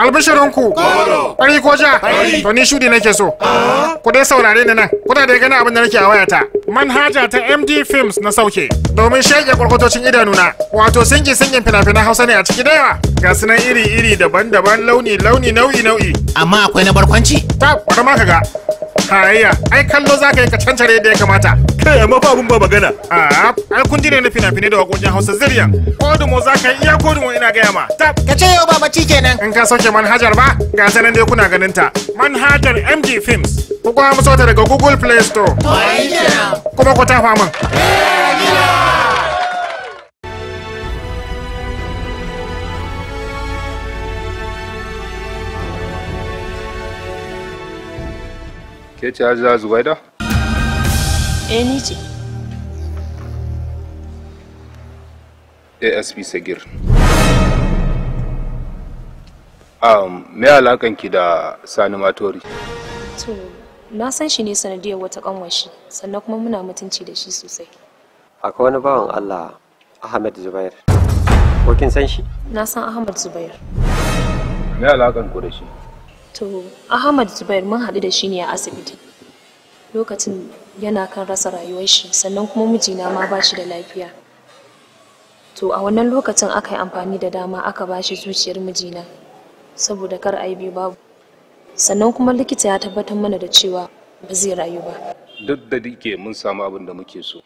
Albishirinku, ɓari ko ja, to ni shudi nake so. Ku dai saurare ni nan, kuna da gani abin da nake a wayata. Manhaja ta MD Films na sauke, domin shaƙe kwarkwatocin idanuna, wato sinki singin fina-finan Hausa ne a ciki da yawa. Ga su iri-iri daban-daban launi-launi nau'i-nau'i. Amma akwai na barkwanci? Ta, kwarama ka ga. Hayya, ai kallo za ka yi ka cancare da ya kamata. Kai amma fa abun ba magana. Ah, ai kun ji ne na fina-finai da wakokin Hausa zirya. mu za ka yi iya kodumo ina gaya ma. Ta, ka ce yau ba mace kenan. In ka sauke manhajar ba, ga ta dai kuna ganin ta. Manhajar MG Films. Ku kuma musu daga Google Play Store. Kuma ku ta famin. Eh, Ke ce Hajiya Zubaida? Eh ni ce. ASP Sagir. Um, me alakan ki da Sani Matori? To, na san shi ne sanadiyar wata kanwar shi, sannan kuma muna mutunci da shi sosai. Akwai wani bawan Allah, Ahmed Zubair. Ko kin san shi? Na san Ahmed Zubair. Me alakan ku da shi? To, Ahmad Zubair mun haɗu da shi ne a asibiti. Lokacin yana kan rasa rayuwar shi, sannan kuma mijina ma ba shi da lafiya. To, a wannan lokacin aka yi amfani da dama aka ba shi zuciyar mijina, saboda kar a yi babu. Sannan kuma likita ya tabbatar mana da cewa ba zai rayu ba. Duk da dike mun samu abin da muke so.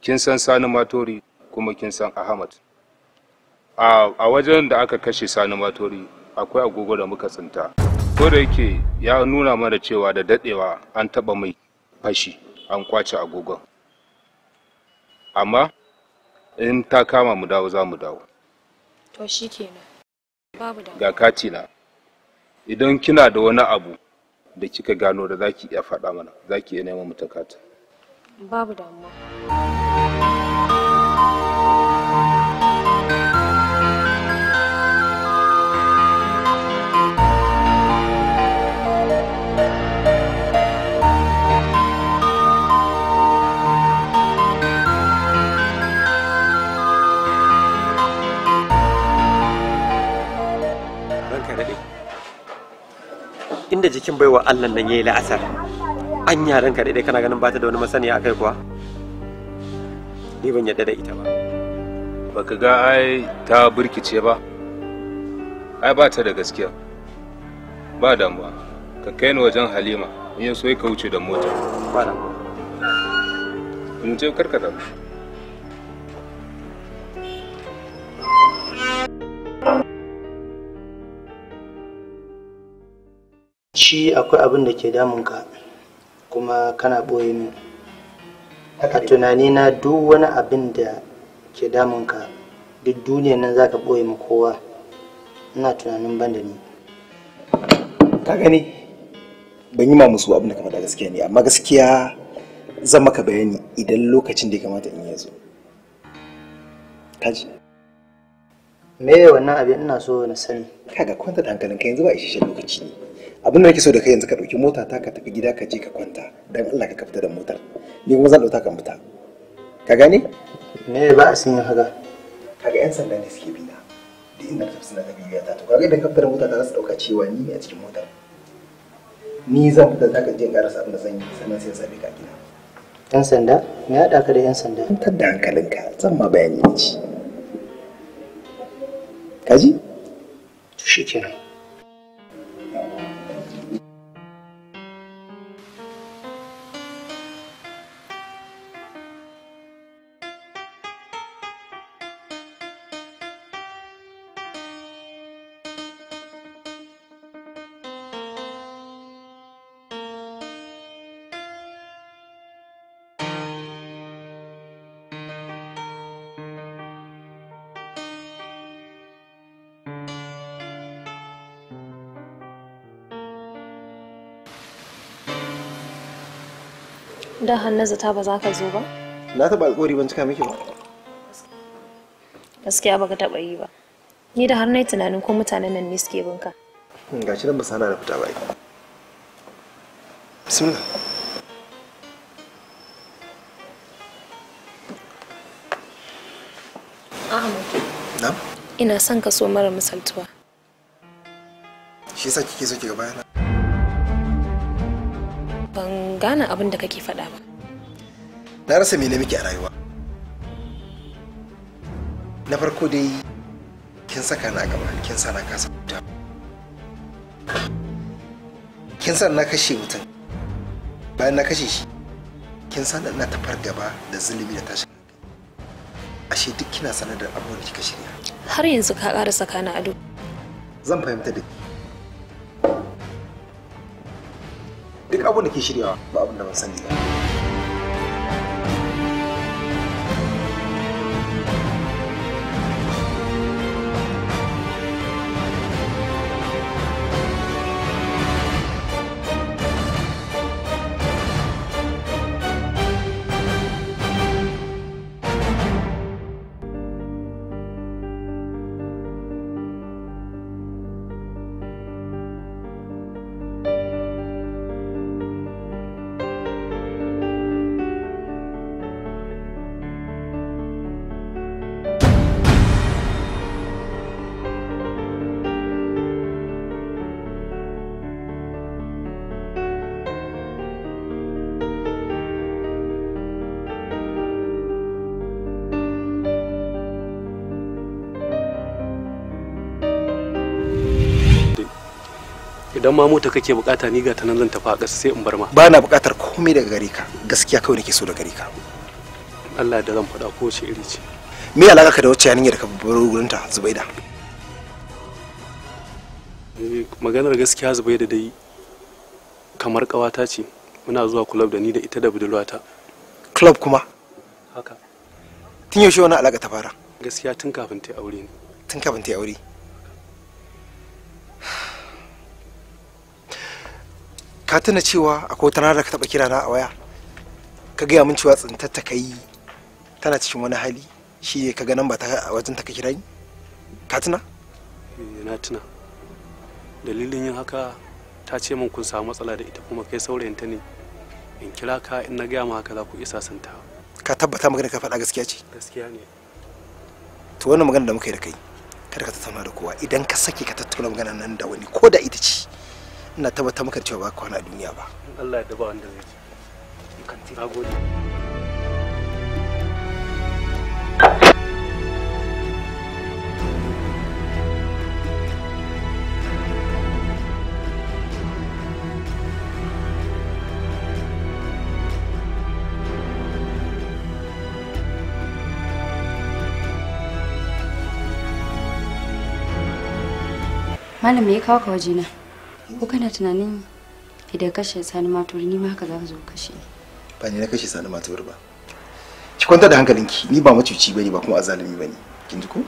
Kin san Sani Matori kuma kin san Ahmad. A wajen da aka kashe Sani Matori, akwai agogo da muka tsinta ko da yake ya nuna mana cewa da dadewa an taba mai fashi an kwace agogon amma in ta kama mu dawo za mu dawo to babu ga katina idan kina da wani abu da kika gano da zaki iya faɗa mana zaki iya neman mu ta kata babu damuwa daɗe inda jikin baiwa allah nan ya yi la'asar an yaran ka daɗe kana ganin ba ta da wani masaniya akai kuwa ni ban yadda da ita ba baka ga ai ta burkice ba ai ba ta da gaskiya ba damuwa ka kai ni wajen halima in ya so ka wuce da mota ba damuwa in je karkata mu shi akwai abin da ke damunka kuma kana ɓoye min a tunanina duk wani abin da ke damunka duk duniyan nan za ka ɓoye ma kowa ina tunanin ban da ni ka gani ban yi ma musu abin da ka faɗa gaskiya ne amma gaskiya zan maka bayani idan lokacin da ya kamata in ya zo kaji me wannan abin ina so na sani kaga kwanta da hankalinka yanzu ba isasshen lokaci ne abin da nake so da kai yanzu ka ɗauki mota ta ka tafi gida ka je ka kwanta dan Allah ka fita da motar ni kuma zan ɗauka ka fita ka gane me ba a sun haka kaga yan sanda ne suke bi na duk inda ta suna ta bibiya ta to kaga idan ka fita da mota ta za su ɗauka cewa ni ne a cikin motar ni zan fita da ka je in karasa abin da zan yi sannan sai same ka gida yan sanda me ya haɗa ka da yan sanda kwantar da hankalinka zan ma bayani ne ci kaji to shikenan da hannu zata ba za ka zo ba? Na taɓa alƙawari ban cika miki ba. Gaskiya ba ka taɓa yi ba. Ni da har na tunanin ko mutanen nan ne suke bin ka. Hmm, ga shi nan ba sana da fita ba. Bismillah. Ahmad. Na? Ina son ka so mara misaltuwa. Shi yasa kike so ki ga bayana? gane abin da kake faɗa ba na rasa mene muke a rayuwa na farko dai kin saka na gaba kin sa na kasa wuta kin san na kashe mutum bayan na kashe shi kin san na tafar gaba da zulumi da tashi. ashe duk kina sanar da abubuwan da kika shirya har yanzu ka ƙara saka na ado zan fahimta da ke duk abin da ke shiryawa ba abin da ban sani ba idan ma mota kake bukata ni ga ta nan zan tafi a ƙasa sai in bar ma ba na bukatar komai daga gare ka gaskiya kawai nake so daga gare ka Allah da zan faɗa ko ce iri ce me alaka ka da wacce yanin da ka bar gurin ta Zubaida eh, maganar gaskiya Zubaida dai kamar ƙawata ce muna zuwa club da ni da ita da budurwata club kuma haka tun yaushe wani alaka ta fara gaskiya tun kafin ta aure ne tun kafin ta aure ka tuna cewa akwai wata rana da ka taɓa kira na a waya ka gaya min cewa tsintar ta kai tana cikin wani hali shi ne ka ganin ba ta wajen ta ka kira ni ka tuna eh, na tuna dalilin yin haka ta ce min kun samu matsala da ita kuma kai saurayin ta ne in kira ka in na gaya ma haka za ku isa santa ka tabbata magana ka faɗa gaskiya ce gaskiya ne to wannan magana da muka yi da kai kada ka tattauna da kowa idan ka sake ka tattauna magana nan da wani ko da ita ce ina tabbatar maka cewa ba kwana a duniya ba in Allah ya daba wanda zai ji kan tira gode Malam me ya kawo ka ko kana tunanin idan kashe sani matori ni ma haka za ka zo kashe ba ni na kashe sani matori ba ki kwanta da hankalinki ni ba macuci bane ba kuma azalumi bane kin ji ko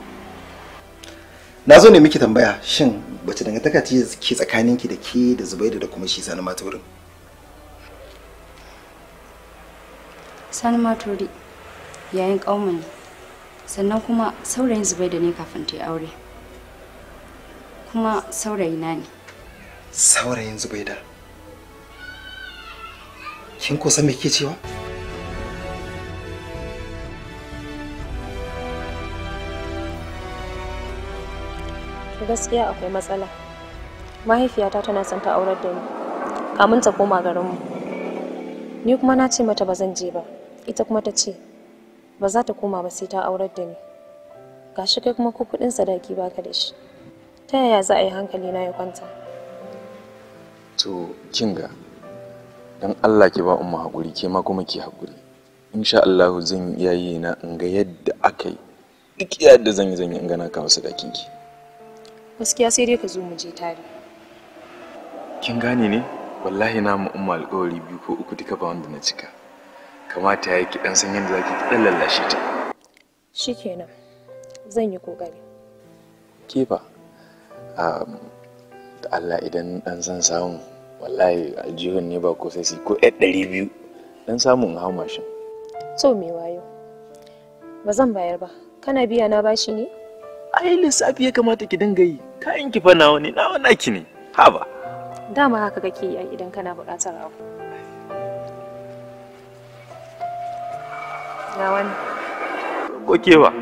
na zo ne miki tambaya shin wace dangantaka ce ke tsakaninki da ke da zubaida da kuma shi sani matorin sani matori yayin kaumin sannan kuma saurayin zubaida ne kafin ta aure kuma saurayi na ne saurayin zubaida kin san me ke cewa gaskiya akwai matsala mahaifiyata tana son ta aurar da ni kamun ta koma garinmu ni kuma na ce mata ba zan je ba ita kuma ta ce ba za ta koma ba sai ta aurar da ni gashi kai kuma ko kudin sadaki baka da shi ta yaya za a yi hankali na ya kwanta to kinga don allah ki ba umma hakuri ke ma kuma ki hakuri, insha allahu zan yayi na in ga yadda aka yi duk yadda zan yi zan yi in gana kawo wasu dakin ki gaskiya sai dai ka zo mu je tare kin gane ne wallahi na mu umma alƙawari biyu ko uku duka ba wanda na cika kamata ya ki dan san yadda zaki ki dan lallashe ta shikenan zan yi kokari ke ba Allah idan dan san samu wallahi aljihun ne ba ko sai si ko ɗari biyu dan samun hau mashin so me wayo ba zan bayar ba kana biya na bashi ne ai lissafi ya kamata ki dinga yi yin ki fa nawa ne nawa naki ne haba dama haka kake yi idan kana buƙatar abu na wani ko ba?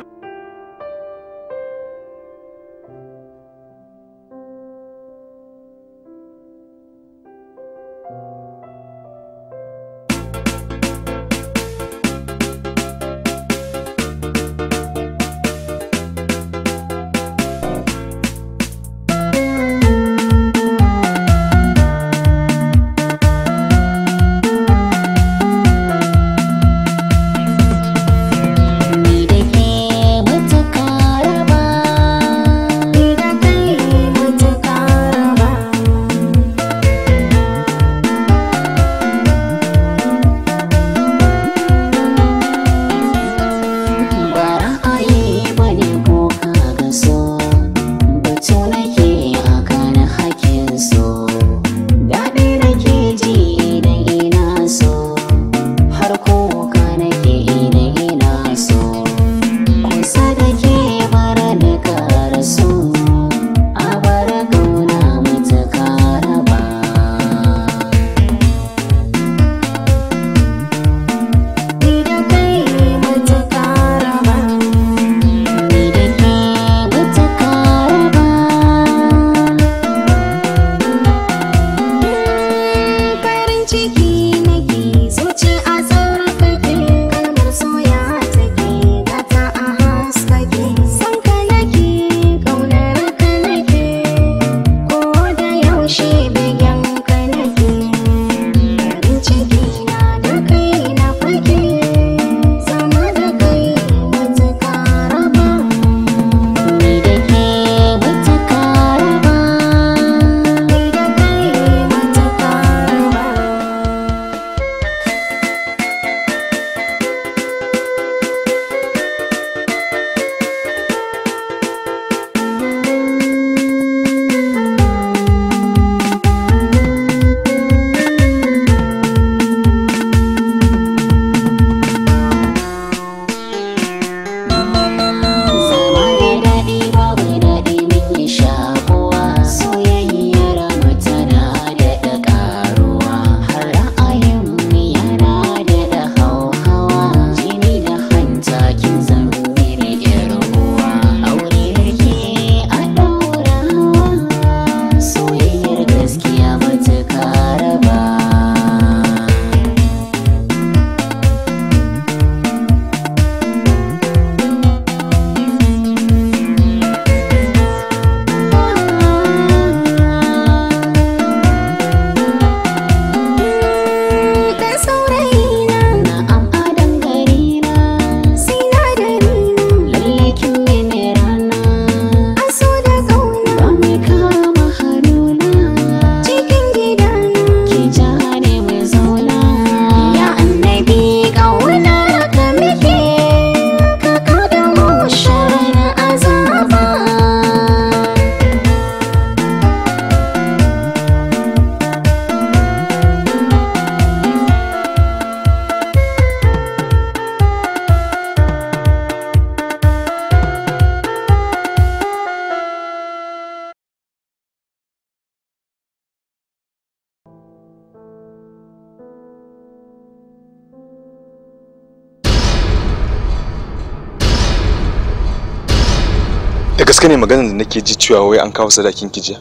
gaske ne maganar da nake ji cewa wai an kawo sadakin kijiya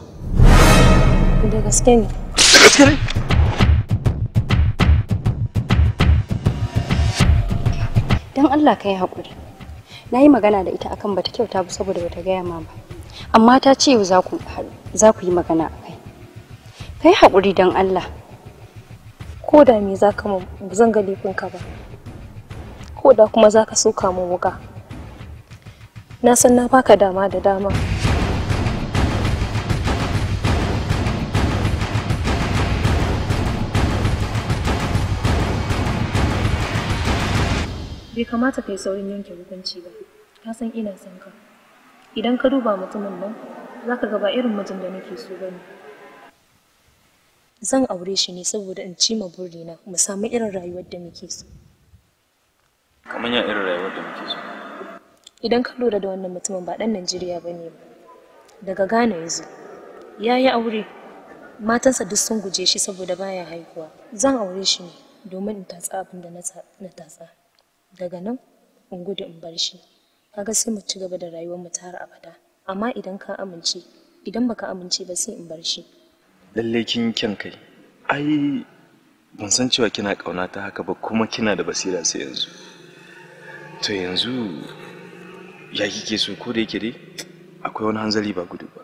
da gaske ne da gaske ne don Allah ka yi haƙuri na yi magana da ita akan bata kyauta ba saboda bata gaya ma ba amma ta ce yau za ku yi magana a kai ka yi haƙuri don Allah ko da me za ka zan ga laifinka ba ko da kuma za ka soka mu wuka na san na baka dama da dama bai kamata ka yi saurin yanke hukunci ba ka san ina son ka idan ka duba mutumin nan za ka ba irin mijin da nake so ba ne zan aure shi ne saboda in cima burina mu samu irin rayuwar da muke so kamar ya irin rayuwar da muke so idan ka lura da wannan mutumin ba ɗan najeriya ba ne daga ghana ya zo ya yi aure matansa duk sun guje shi saboda baya haihuwa zan aure shi ne domin in tatsa abin da na tatsa daga nan in gudu in bar shi kaga sai mu ci gaba da rayuwar mu ta har abada amma idan ka amince idan baka amince ba sai in bar shi lalle kin kyan kai ai ban san cewa kina kauna ta haka ba kuma kina da basira sai yanzu to yanzu ya kike so ko da yake dai akwai wani hanzari ba gudu ba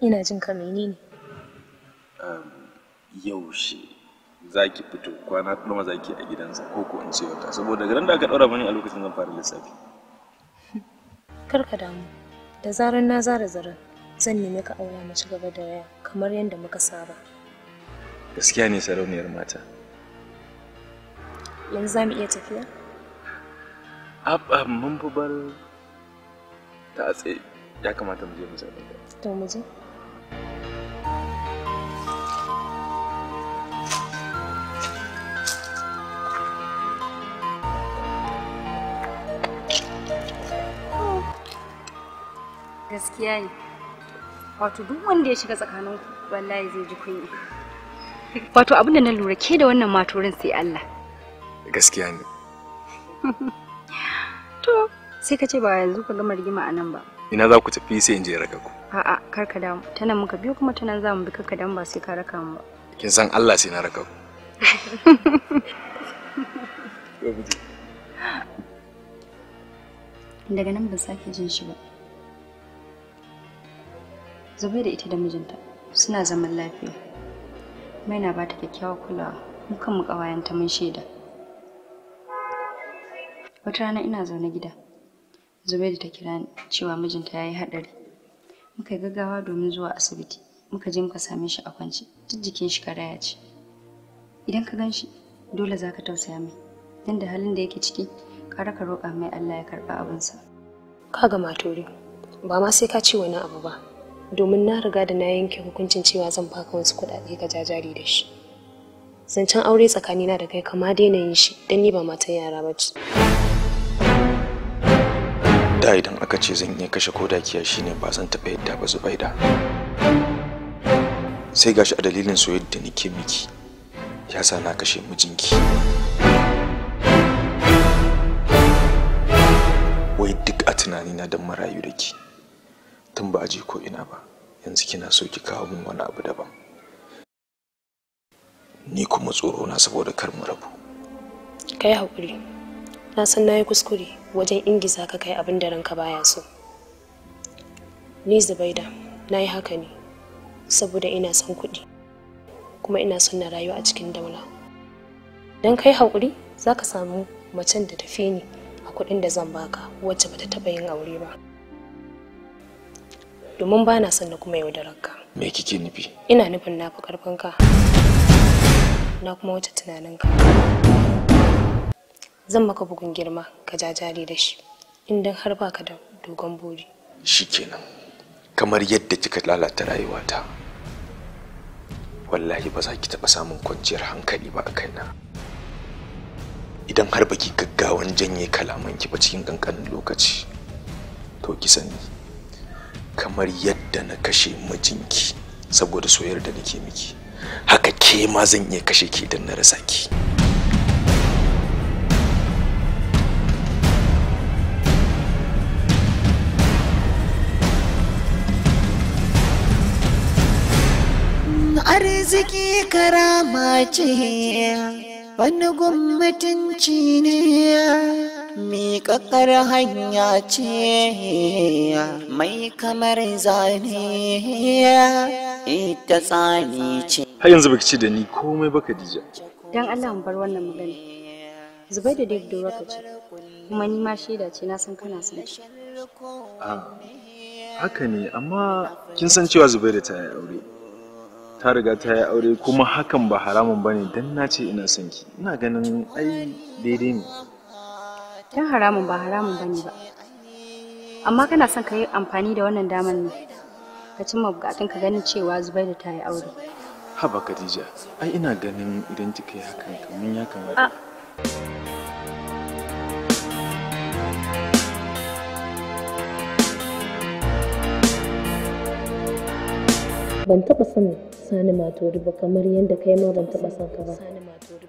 ina jin ka menene yaushe za ki fito kwana kuma za ki a gidansa ko ko in ce wata saboda garin da aka ɗaura mani a lokacin zan fara lissafi kar ka damu da zarar na zara zara zan nemi ka aura mu ci gaba da raya kamar yadda muka saba gaskiya ne sarauniyar mata yanzu za mu iya tafiya mun fi bar ta tsaye ya kamata mu je mu zaɓe To mu je. Gaskiya ne. Wato duk wanda ya shiga tsakaninku wallahi zai ji kunya. Wato abinda na lura ke da wannan maturin sai Allah. Gaskiya ne. To, sai ka ce ba yanzu ka gama rigima a nan ba. Ina za ku tafi sai in je raka ku. A'a, kar ka damu. Ta nan muka biyo kuma ta nan za mu bi ka damu ba sai ka raka mu ba. Kin san Allah sai na raka ku. Daga nan ban sake jin shi ba. Zubai da ita da mijinta suna zaman lafiya. Mai na ba ta kyakkyawar kulawa. Mukan mu ta mun shaida. wata rana ina zaune gida zubairu ta kira ni cewa mijinta ya yi haɗari muka yi gaggawa domin zuwa asibiti muka je muka same shi a kwance duk jikin shi karaya ce idan ka gan shi dole za ka tausaya mai don da halin da yake ciki kara ka roƙa mai allah ya karɓa abinsa ka ga maturi ba ma sai ka ce wani abu ba domin na riga da na yanke hukuncin cewa zan baka wasu kuɗaɗe ka jajari da shi zancen aure tsakanina da kai kama daina yin shi don ni ba matan yara ba ce. da idan aka ce zan iya kashe koda kiya shine ba zan taɓa yadda ba zubaida sai gashi a dalilin soyayyar da nake miki ya sa na kashe mijinki wai duk a tunanina don marayu da ki tun ba a je ko ina ba yanzu kina so ki kawo min wani abu daban ni kuma tsoro na saboda kar mu rabu kai hakuri na san na kuskure wajen ingisa ka kai abin da ranka baya so ni zubaida na yi haka ne saboda ina son kuɗi kuma ina son na rayu a cikin daula don kai hakuri za ka samu macen da tafi ni a kuɗin da zan baka wacce bata taba yin aure ba domin ba na son na kuma yaudararka me kike nufi ina nufin na fi karfanka. na kuma wata tunaninka zan maka bugun girma ka jajare da shi inda har baka da dogon buri shikenan kamar yadda kika lalata rayuwata wallahi ba za ki taɓa samun kwanciyar hankali ba a kaina idan har baki gaggawan janye kalamanki ba cikin ƙanƙanin lokaci to ki sani kamar yadda na kashe mijinki saboda soyayyar da nake miki haka ke ma zan iya kashe ki idan na rasa ki. arziki karama ce wani gwamnatinci ne miƙaƙar hanya ce mai kamar zane ita tsani ce har yanzu baki ci da ni komai baka dija dan Allah mu bar wannan magana zubai da dai da ce, kuma ni ma shaida ce na san kana son shi ah, haka ne amma kin san cewa zubai da ta yi aure ta riga ta yi aure kuma hakan ba haramun bane dan na ce ina son ki ina ganin ai daidai ne dan haramun ba haramun bane ba amma kana son ka yi amfani da wannan damar ne ka cimma bukatun ka ganin cewa Zubairu ta yi aure haba Khadija ai ina ganin idan kika yi hakan kamar ya kamata ah. ban taɓa sanin sani maturi ba kamar yadda kai ma ban taba son ba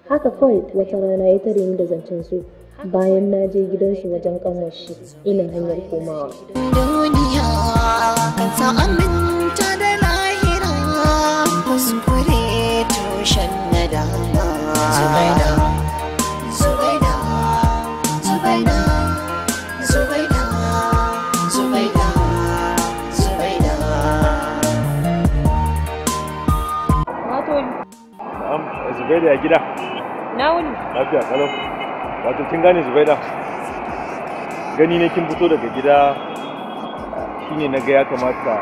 haka kawai wata rana ya tare ni da zancen su bayan na je gidan shi wajen kanwar shi ina hanyar komawa duniya Zubaida ya gida. Na wuni. Lafiya kalau. Wato kin gane Zubaida. Gani ne kin fito daga gida shine na ga ya kamata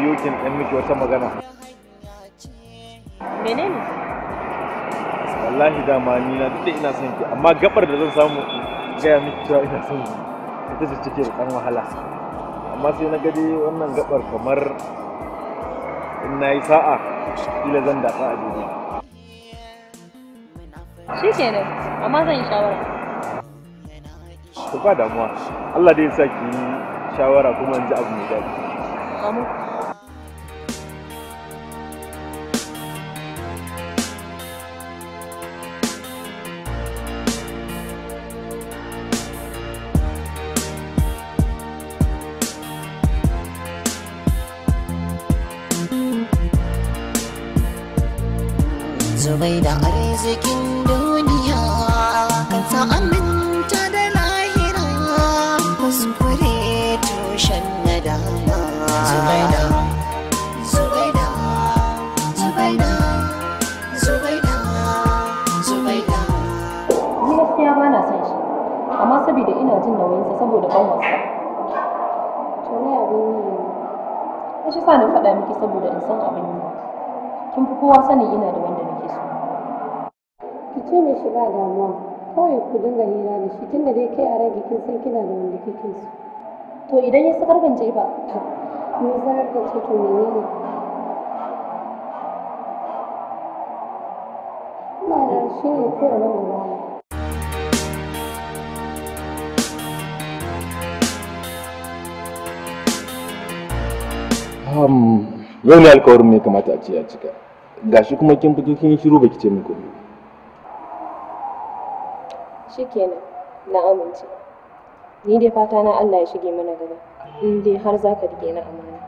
biyo kin dan miki wata magana. Menene? Wallahi dama ni na duk ina son ki amma gabar da zan samu gaya miki cewa ina son ki ita ce cike da ɗan wahala. Amma sai na gade wannan gabar kamar in na yi sa'a ila zan dafa a duniya. shi ke kenan amma zan yi shawara to ba damuwa Allah dai sa ki shawara kuma in ji abu mai daɗi amin zubai da arzikin duniya sa na faɗa miki saboda in san abin yi kin fi kowa sani ina da wanda nake so ki ce mishi ba damuwa kawai ku dinga hira da shi tunda dai kai a rage kin san kina da wanda kike so to idan ya sakar ban je ba ni za ka ce to menene ba shi ne kai abin da yau ne alkawarin mai kamata a ce ya cika gashi kuma kin fito kin shiru baki ce min komai shikenan na amince ni dai fata na Allah ya shige mana gaba in dai har za ka dige na amana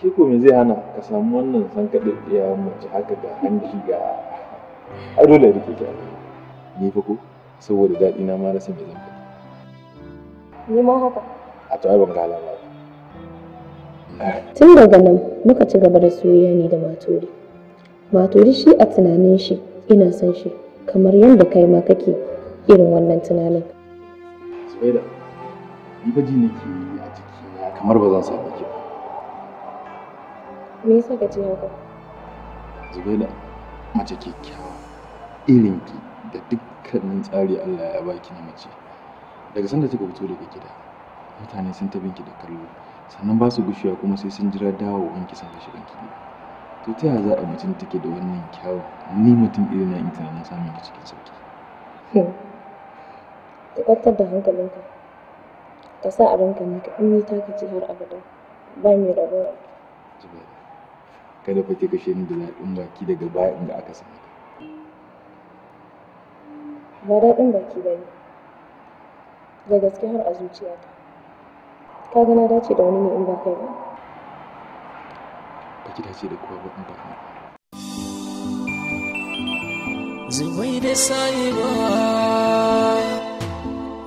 ki ko me zai hana ka samu wannan san kaɗe ya mace haka ga hanji ga a dole ne ki ni fa ko saboda daɗi na ma rasa me zan ni ma haka a to ai ban ga alama tun daga nan muka ci gaba da soyayya ne da maturi maturi shi a tunanin shi ina son shi kamar yadda kai ma kake irin wannan tunanin tsaida ni fa ji ke yi a ciki. kamar ba zan ba ki ba me yasa ka ji haka zubaida mace kyakkyawa ki, da dukkanin tsari Allah ya baki na mace daga sanda kika fito daga gida mutane sun ta ki da kallo sannan ba su gushewa kuma sai sun jira dawo wanki sun kashe kanki to ta yaya za a mutum take da wannan kyawun ni mutum irin na tunanin samun ki cikin sauki hmm. ka kwantar da hankalinka ka sa a ranka ne ka in ta ka ce har abada ba mai rabuwa kada fa ki kashe ni da zaɓin baki daga bayan da aka sani ba daɗin baki ba ne da gaske har a zuciyata ka gana dace da wani ne in ba kai ba ba ki dace da kowa ba in ba zuwai da sayewa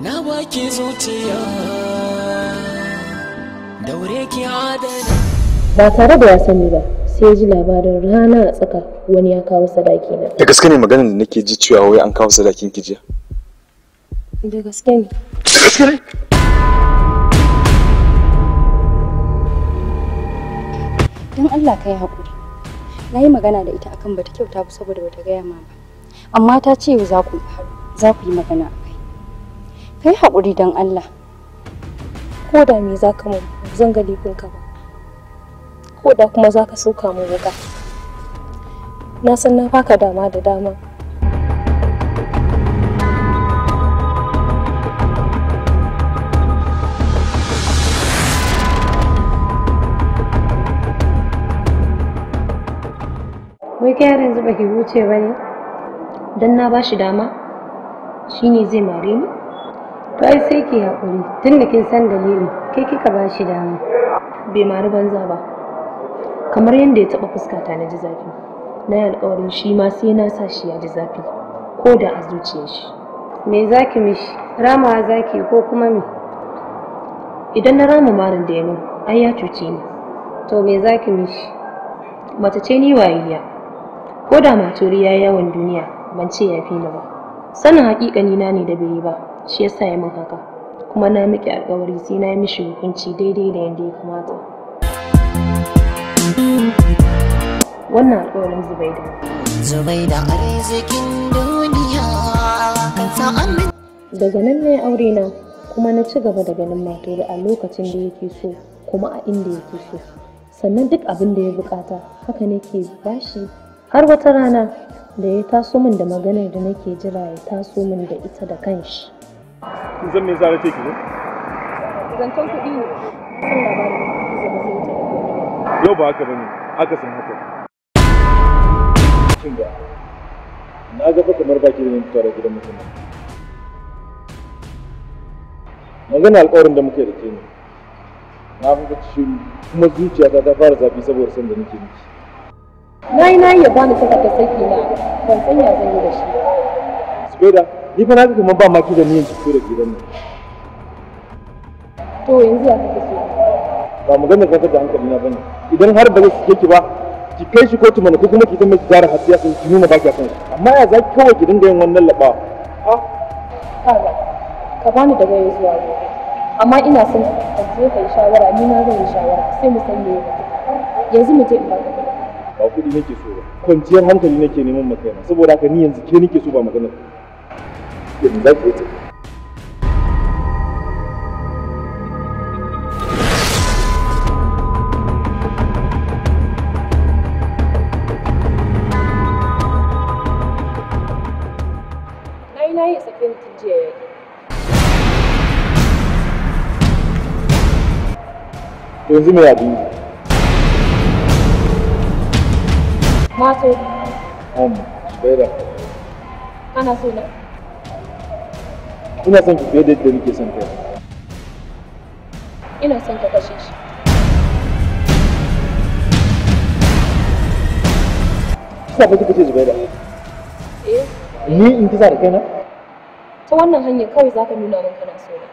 na baki zuciya daure ki adana ba tare da ya sani ba sai ji labarin rana a tsaka wani ya kawo sadaki na da gaske ne maganar da nake ji cewa wai an kawo sadakin ki jiya da gaske ne da gaske ne don Allah ka yi haƙuri na yi magana da ita akan bata kyauta ba saboda bata gaya ma ba amma ta ce za ku za ku yi magana a kai ka yi haƙuri don Allah ko da me za ka mu zan ga ka ba ko da kuma za ka soka mu wuka na san na faka dama da dama wai ka yaran yanzu baki huce ba ne don na bashi dama shine zai mare ni to ai sai ki haƙuri tun da kin san dalili kai kika bashi dama bai mari banza ba kamar yadda ya taɓa fuskata na ji zafi na yi alƙawarin shi ma sai na sa shi ya ji zafi ko da a zuciyar shi me zaki mishi ramawa zaki ko kuma me idan na rama marin da ya min ai ya cuce ni to me zaki mishi mace ce ni wayayya ko da maturi ya yi yawan duniya ban ce ya fi ni ba sanin haƙiƙani na ne da bai yi ba shi yasa ya min haka kuma na miki alkawari sai na yi mishi hukunci daidai da yadda ya kamata wannan alƙawarin zubaida daga nan ne aure na kuma na ci gaba da ganin maturi a lokacin da yake so kuma a inda yake so sannan duk abin da ya bukata haka nake bashi har wata rana da ya taso min da maganar da nake jira ya taso min da ita da kanshi zan me zara ce ki zo zancen kuɗi ne yau ba haka bane aka san haka shin ba na ga kamar baki da fita da gidan mutum magana alƙawarin da muke da ke ne na fi kuma zuciyata ta fara zafi saboda sanda da nake miki na yi na yi ya bani takardar saki na ban san ya zan yi da shi Zubaida ni fa na ga kamar ba ma ki da niyan ki fito da gidan nan to yanzu ya kake so ba mu magana ka da hankali na bane idan har ba zai sike ki ba ki kai shi kotu mana ko kuma ki zama ki gara hasiya sai ki nuna baki akan shi amma ya zaki kawai ki dinga yin wannan laba a ah. kaga ka bani da waye zuwa gobe amma ina son ka je kai shawara ni na zan yi shawara sai mu san me yanzu mu je in baka ba kuɗi nake so ba kwanciyar hankali nake neman makaina saboda haka ni yanzu ke nake so ba magana yanzu mai abin Na so. Am, Kana so na? Ina son ki fiye da yadda nake son kai. Ina son ka kashe shi. Kisa fa kika ce da? Eh. Ni in kisa da na? Ta wannan hanyar kawai za ka nuna min kana so na.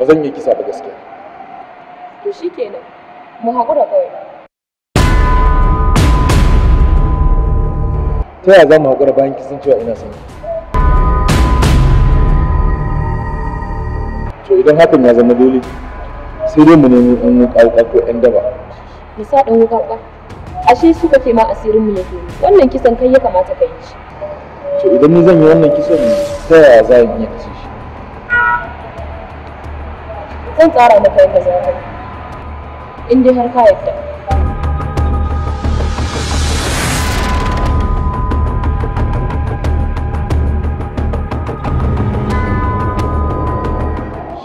Ba zan yi kisa ba gaskiya. To kenan. mu haƙura kawai ta yaya za mu haƙura bayan kisan cewa ina son to idan hakan ya zama dole sai dai mu nemi ɗan wuƙa ko ɗan daba mu sa ɗan wuƙa ashe su kake ma asirin mu yake wannan kisan kai ya kamata ka yi shi to idan ni zan yi wannan kisan ta yaya za in iya kashe shi zan tsara maka yadda za ka yi in dai har ka yadda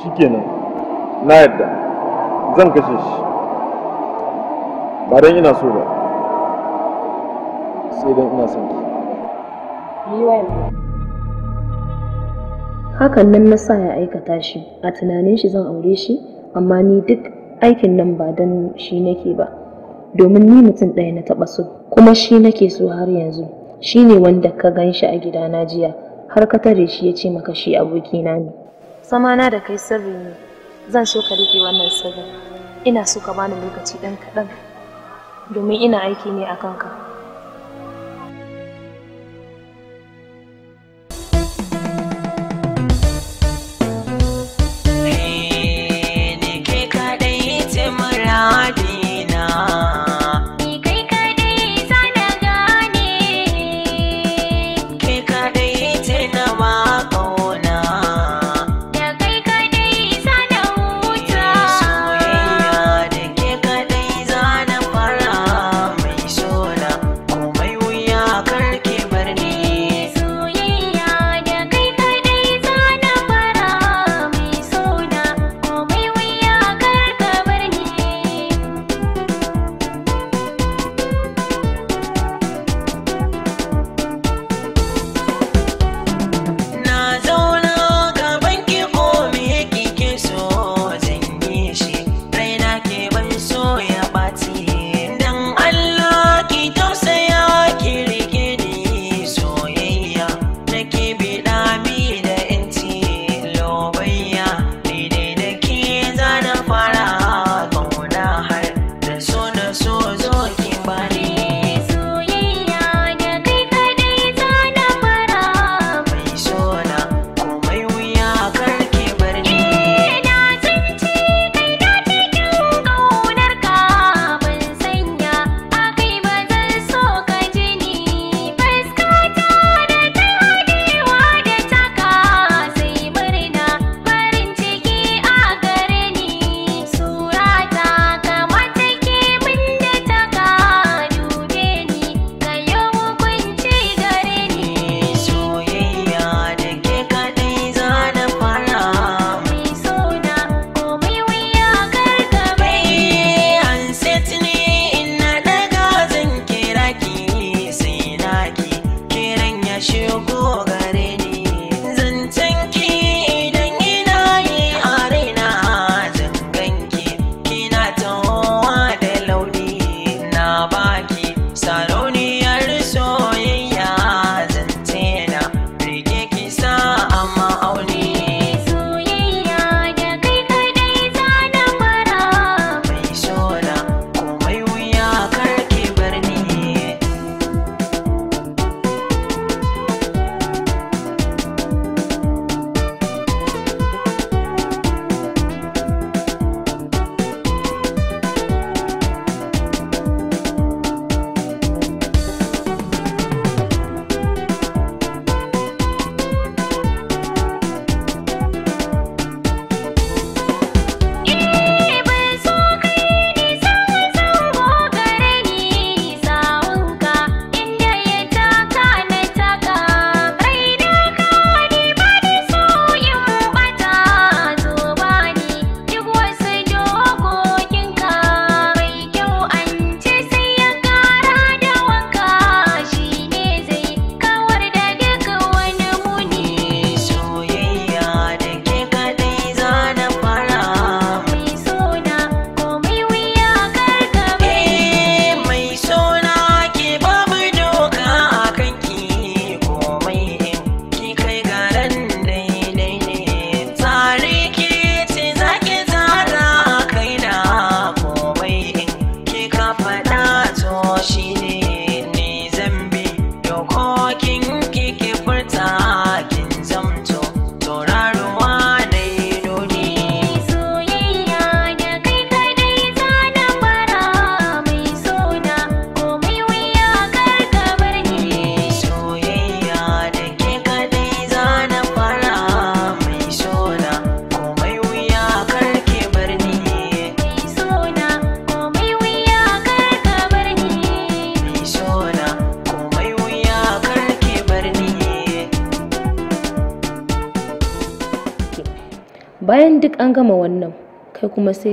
shikenan na yadda zan kashe shi ba don ina so ba sai don ina son ne. hakan nan na sa ya aikata shi a tunanin shi zan aure shi amma ni duk aikin nan ba don shi nake ba domin ni mutum ɗaya na taɓa so kuma shi nake so har yanzu shi ne wanda ka gan shi a gidana jiya har ka tare shi ya ce maka shi abokina ne sama na da kai sirri ne zan so ka rike wannan sirrin ina so ka bani lokaci ɗan kaɗan domin ina aiki ne a kanka 修过的。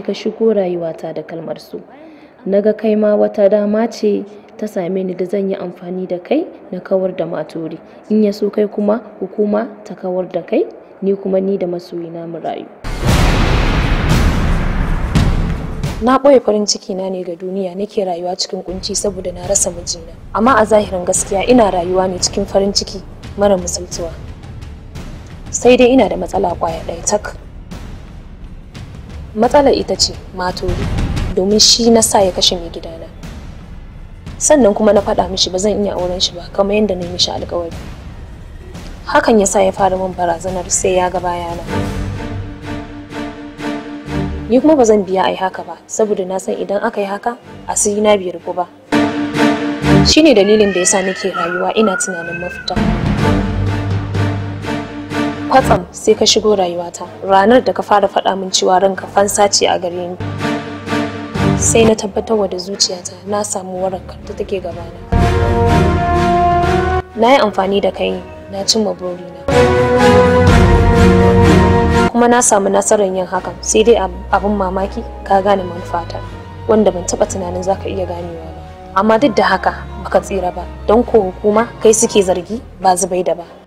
sai ka shigo rayuwata da kalmar su naga kai ma wata dama ce ta same ni da zan yi amfani da kai na kawar da maturi in ya so kai kuma hukuma ta kawar da kai ni kuma ni da masoyina mu rayu na ɓoye farin ciki na ne ga duniya nake rayuwa cikin kunci saboda na rasa mijina amma a zahirin gaskiya ina rayuwa ne cikin farin ciki mara misaltuwa sai dai ina da matsala kwaya ɗaya tak matsalar ita ce maturi domin shi na sa ya kashe mai gidana sannan kuma na faɗa mishi ba zan iya auren shi ba kamar yadda na yi mishi alkawari hakan ya sa ya fara min barazanar sai ya ga bayana ni kuma ba zan biya a yi haka ba saboda na san idan aka yi haka asiri na biyar rufu ba shine dalilin da ya sa nake rayuwa ina tunanin mafita kwatsam sai ka shigo rayuwata ranar da ka fara faɗa min cewa ranka fansa ce a gare ni sai na tabbatar wa da zuciyata na samu warakar ta take gabana na yi amfani da kai na cimma burina kuma na samu nasarar yin hakan sai dai abin mamaki ka gane manufata wanda ban taɓa tunanin za ka iya ganewa ba amma duk da haka baka tsira ba don ko hukuma kai suke zargi ba zubai da ba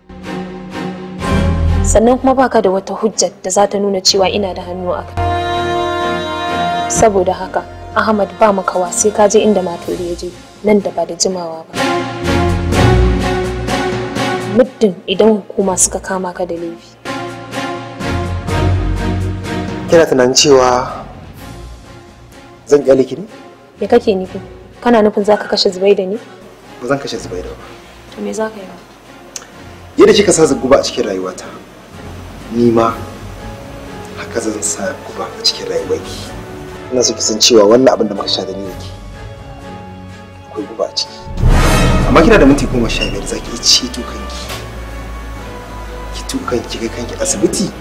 sannan kuma baka da wata hujja da za ta nuna cewa ina da hannu a kai saboda haka ahmad ba makawa sai ka je inda maturi ya je nan da ba da jimawa ba muddin idan hukuma suka kama ka da laifi kina tunanin cewa zan kyale ki ne me kake nufi kana nufin za ka kashe da ne ba zan kashe da ba to me za ka yi ba? yadda kika sa zuguba a cikin rayuwata ni ma haka zan sa ku ba a cikin rayuwarki ina so ki san cewa wannan abin da muka sha da ni yake akwai guba a ciki amma kina da minti goma sha biyar zaki ci to kanki ki to kanki kai kanki asibiti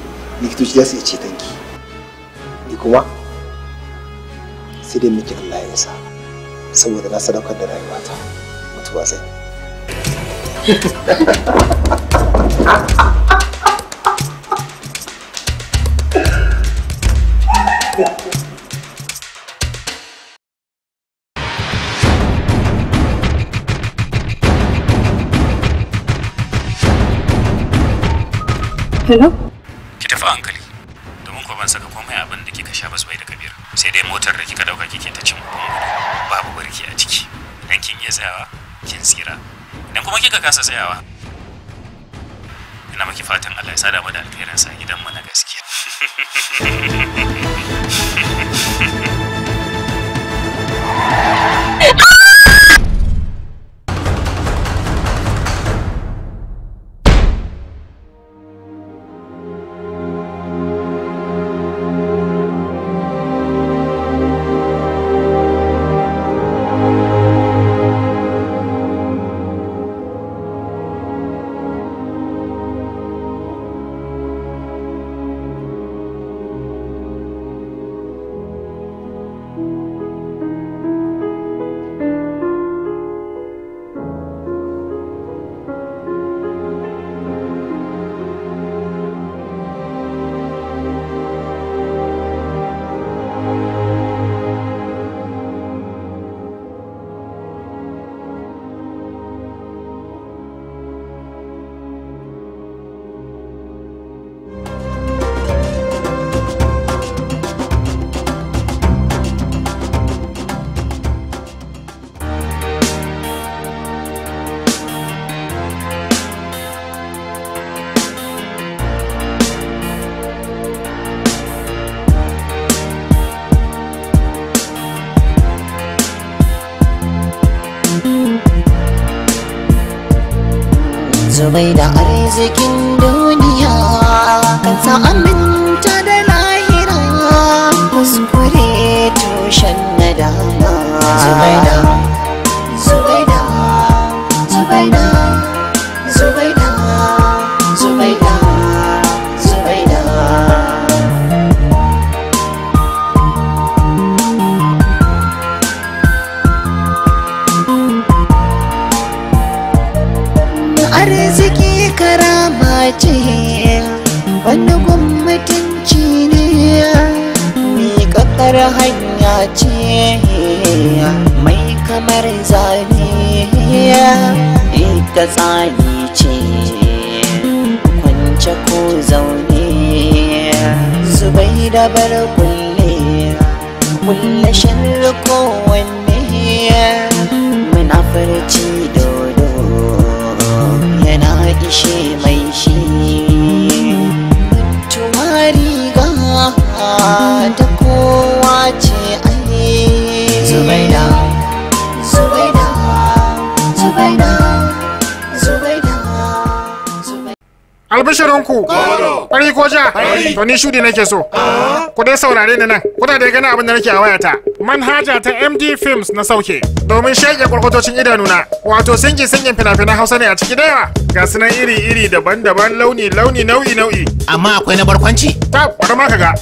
likitoci za su iya ceton ki ni kuma sai dai miki Allah ya sa saboda na sadaukar da rayuwata mutuwa zai Hello? Ki tafi hankali. Domin ko ban saka komai abin da kika sha basbai da kabir. Sai dai motar da kika dauka kike ta cin gudu babu barki a ciki. Idan kin iya tsayawa, kin tsira. Idan kuma kika kasa tsayawa, ina maki fatan Allah ya sada mu da sa gidan mu na gaskiya Thank bai da arzikin duniya sa aminta da lahira kuskure tushen nadama da tsani ce kwance ko zaune zubai da bar kulle kulle wanne? kowanne munafurci dodo yana ishe mai shi tumari ga ta kowa ce ai zubaida zubaida Zubaina. Albishirinku, ƙwari ko ja, to ni shudi nake so. Ku dai saurare ni nan, kuna da gani abin da nake a wayata. Manhaja ta MD Films na sauke, domin shaƙe kwarkwatocin idanuna, wato singin singin fina-finan Hausa ne a ciki da yawa. Ga su iri-iri daban-daban launi-launi nau'i-nau'i. Amma akwai na barkwanci? Ta, ma ka ga.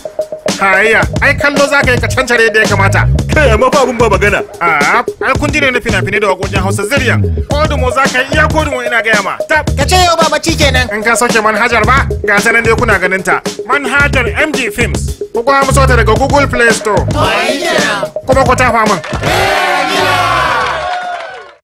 Hayya, ai kallo za ka yi ka cancare da ya kamata. Kai amma fa abun ba magana. A, ai kun ji ne na fina-finai da wakokin Hausa ko Kodumo za ka yi iya kodumo ina gaya ma. Ta, ka ce yau ba bacci kenan. In ka sauke manhajar ba, ga ta nan dai kuna ganin ta. Manhajar MG Films. Ku kuma musu daga Google Play Store. Kuma ku ta famin.